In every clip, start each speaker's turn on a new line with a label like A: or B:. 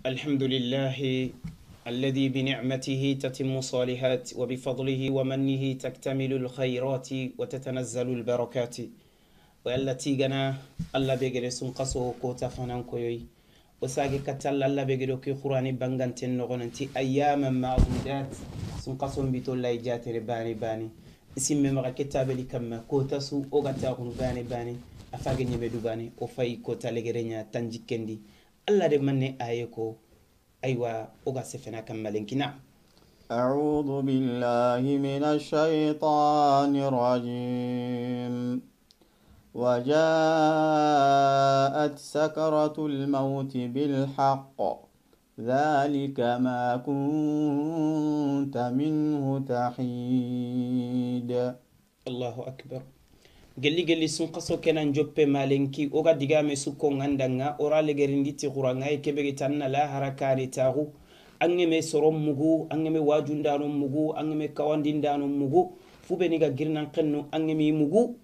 A: الحمد لله الذي بنعمته تتم صالحات وبفضله ومنه تكتمل الخيرات وتتنزل البركات والتي جنا الله بيجري سنقصه كوتا فنان كوي وساقي كتل الله بيجري كي قراني بانغان تنغون انتي أياما معدودات سنقصهم بتولا إجات باني باني اسم مغا كتاب لكما كوتا سو أغتاهم باني باني أفاقي نيبدو باني وفاي كوتا لغرينيا تنجي كندي الله رمني آيكو aye ko aywa oga
B: أعوذ بالله من الشيطان الرجيم وجاءت سكرة الموت بالحق ذلك ما كنت منه تحيد الله أكبر
A: gelli gelli sun kaso kenan joppe malenki oga digame sukko ngandanga ora legerindi ti quranga e kebege tanna la harakani tagu angeme soron mugu angeme wajundanon mugu angeme kawandindanon mugu fubeni ga girnan kenno angemi mugu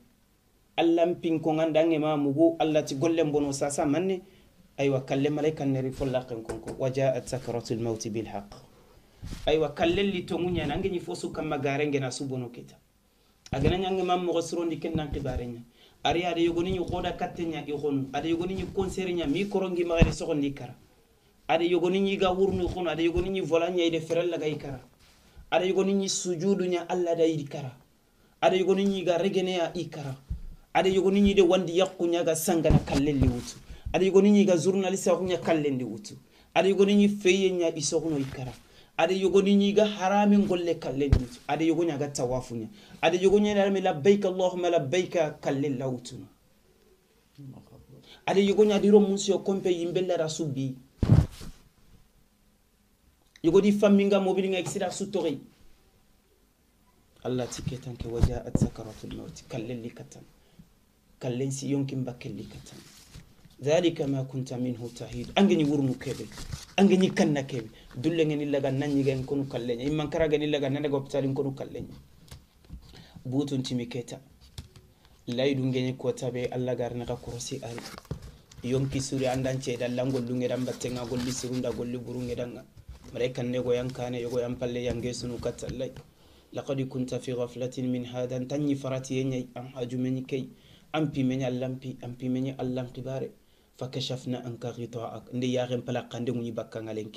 A: allan pinko nganda angema mugu allati gollen bono sasa manne aywa kalle malaika neri folla ken konko wajaat sakaratu lmauti bilhaq aywa kallelli tonguñana angeñi fo sukkamma garengena subono kita agana ñange mam moxo sirondi ken nan xibare ña ari ada yogoni ñi xooda katte ña i xonu ada yogoni ñi concert ña mi korongi maxere soxondi kara ada yogoni ñi ga wurnu xonu ada yogoni ñi vola ña ide ferel laga i kara ada yogoni ñi sujudu ña allah da i kara ada yogoni ni ga regeneya i kara ada yogoni ni de wandi yakku ña ga sangana kallendi wutu ada yogoni ñi ga journaliste axu ña kallendi wutu ada yogoni ñi feye ña i soxno i kara ada ni nyiga haramin golle kalle ñiti ada yogoni aga tawafuña ada yogoni aɗami allahumma la labbayka kalle lawtuno ada yogoni adiro mum sio compe yimɓe lara subbi yogodi famminga mobilinga eksira suttoxi allah tiketan ke waja at sakaratul maut kallen likatan katan kallen si yonkin bakken li katan zalika ma kunta minhu tahid angeni wurnu kebe angeni kanna kebe dulle ngeni laga nanyi gen konu kallenya imman kara geni laga nana go ptalin konu kallenya butun timiketa laydu ngeni ko tabe alla garna ka kursi ari yonki suri andan ce da lango lunge dan batte nga golli surunda golli burunge danga mare kanne go yankane yogo yampalle yange sunu katallai laqad kunta fi ghaflatin min hadan tanyi farati yenya an haju men kay ampi men allampi ampi men allampi bare فكشفنا أنك غطاءك ندي يا غم بلا قندم يبكى عليك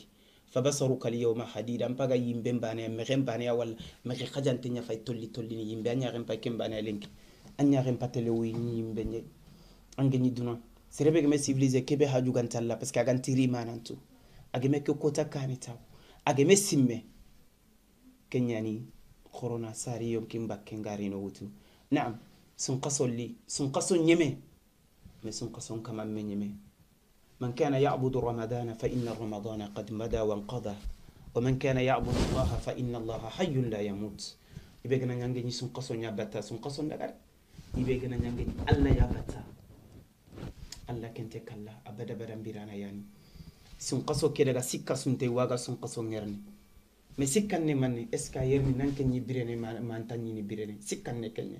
A: فبصرك اليوم حديد أم بقى يمبن بني مغم بني أول مغ خجن تني في تولي تولي يمبن يا غم بقى كم بني عليك أني غم بتلوي يمبن أنجني دونا سيربك ما سيفليزة كبه هاجو عن تلا بس كأجن تري ما نانتو أجمع كوكوتا كاني تاو أجمع سيمة كنياني كورونا ساري يوم كم بكين غارينو وتو نعم سنقصو لي سنقصو نيمه ميسن قصون كمان من يمي من كان يعبد رمضان فإن رمضان قد مدى وانقضى ومن كان يعبد الله فإن الله حي لا يموت يبقى نانجي ني سن قصون يابتا سن قصون دغار يبقى نانجي الله يابتا الله كنت كلا أبدا بدا بيرانا يعني سن قصو كده سكا سن تي واغا سن قصو نيرني مي سكا ني ماني اسكا يرمي نانكني بيرني ما انتني بيرني سكا ني كني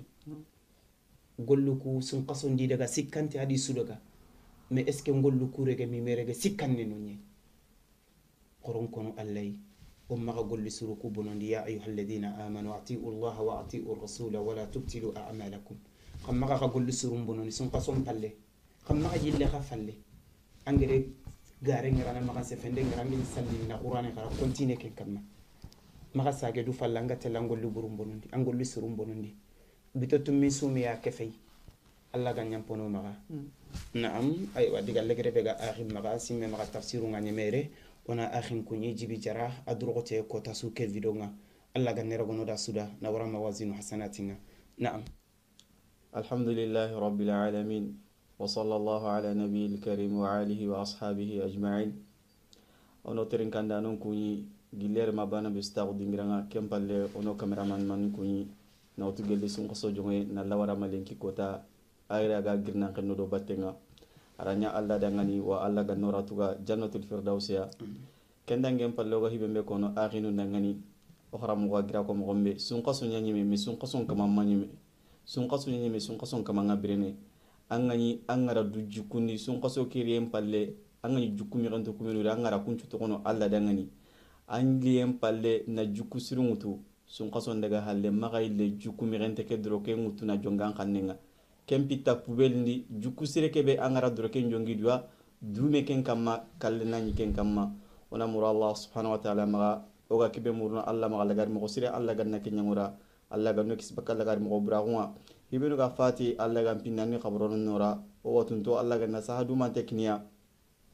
A: golluku sun kasondi daga sikkanti hadi sudaga mais est ce que golluku rege mimerege sikkanne no ñe qoron kono allahy on maga golli suruku bonondi ya ayuha alladina amanu atiu llaha wa atiu rasula wala tubtilu amalakum xam maga xa golli surum bononi sun kason palle xam maga yille xa falle engrais gare ngarana maga sefende ngarangin sallinina qurane xara continue ken kamma maga sage du falla anga tella ngolli burum bonondi a ngolli surum bonondi bitotu mi sumiya kefey alla ga ñampono maxa hmm. naam aywa diga legere be ga axin maxa simme tafsiru nga ñemere ona axin kuñi jibi jara a durxote kota su ke video nga alla da suda na wara mawasinu hasanati naam alhamdulilahi
B: rabbil alamin wa sallallahu ala nabiyil karim wa alihi wa ashabihi ajma'in ono terin kanda non giller mabana be kempalle ono cameraman man nawtu gelli sunkoso jonge na lawarama lenki kota ayra ga girnan kenno battenga aranya alla dangani wa alla ga jannatul firdausiya mm-hmm. kendangen palloga hibembe kono akhinu dangani okharamuga gira ko mogombe sunkoso nyanyime mi sunkoso kama manyime sunkoso nyanyime sunkoso kama ngabirene angani angara dujukundi sunkoso kirien palle angani jukumi kanto kumenu angara kunchu to kono alla dangani angliyen palle na juku sirungutu sunkason daga halle maga ille juku mirente ke doro ke ngutuna jongan kannenga ken pitta pubel ndi juku sire kebe angara doro ke jongi duwa dume ken kama kalle nañi ken kamma wona muro allah subhanahu wa taala maga oga kebe murno allah maga lagari mogo sire allah ganna ke ñangura allah ganno kisibakka lagari mogo buraxunga hibenu ga fati allah gan pinnani xabrono nora o watunto allah ganna saha dumante kiniya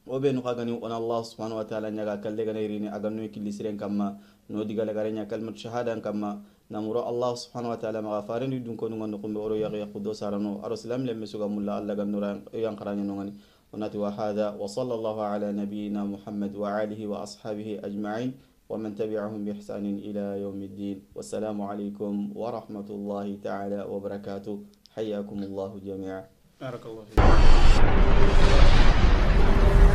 B: وبينو خاغاني وانا الله سبحانه وتعالى نيغا كالدي غنيريني اغانو يكلي سيرين كاما نو ديغا لغارينيا كلمه شهاده كاما نمر الله سبحانه وتعالى مغفرين يدون كونو غنو قوم اورو يغي قدو سارانو ارسلام لم سوغا مولا الله غنورا ينقراني نوغاني وناتي وهذا وصلى الله على نبينا محمد وعاله واصحابه اجمعين ومن تبعهم باحسان الى يوم الدين والسلام عليكم ورحمه الله تعالى وبركاته حياكم الله جميعا
A: بارك الله فيك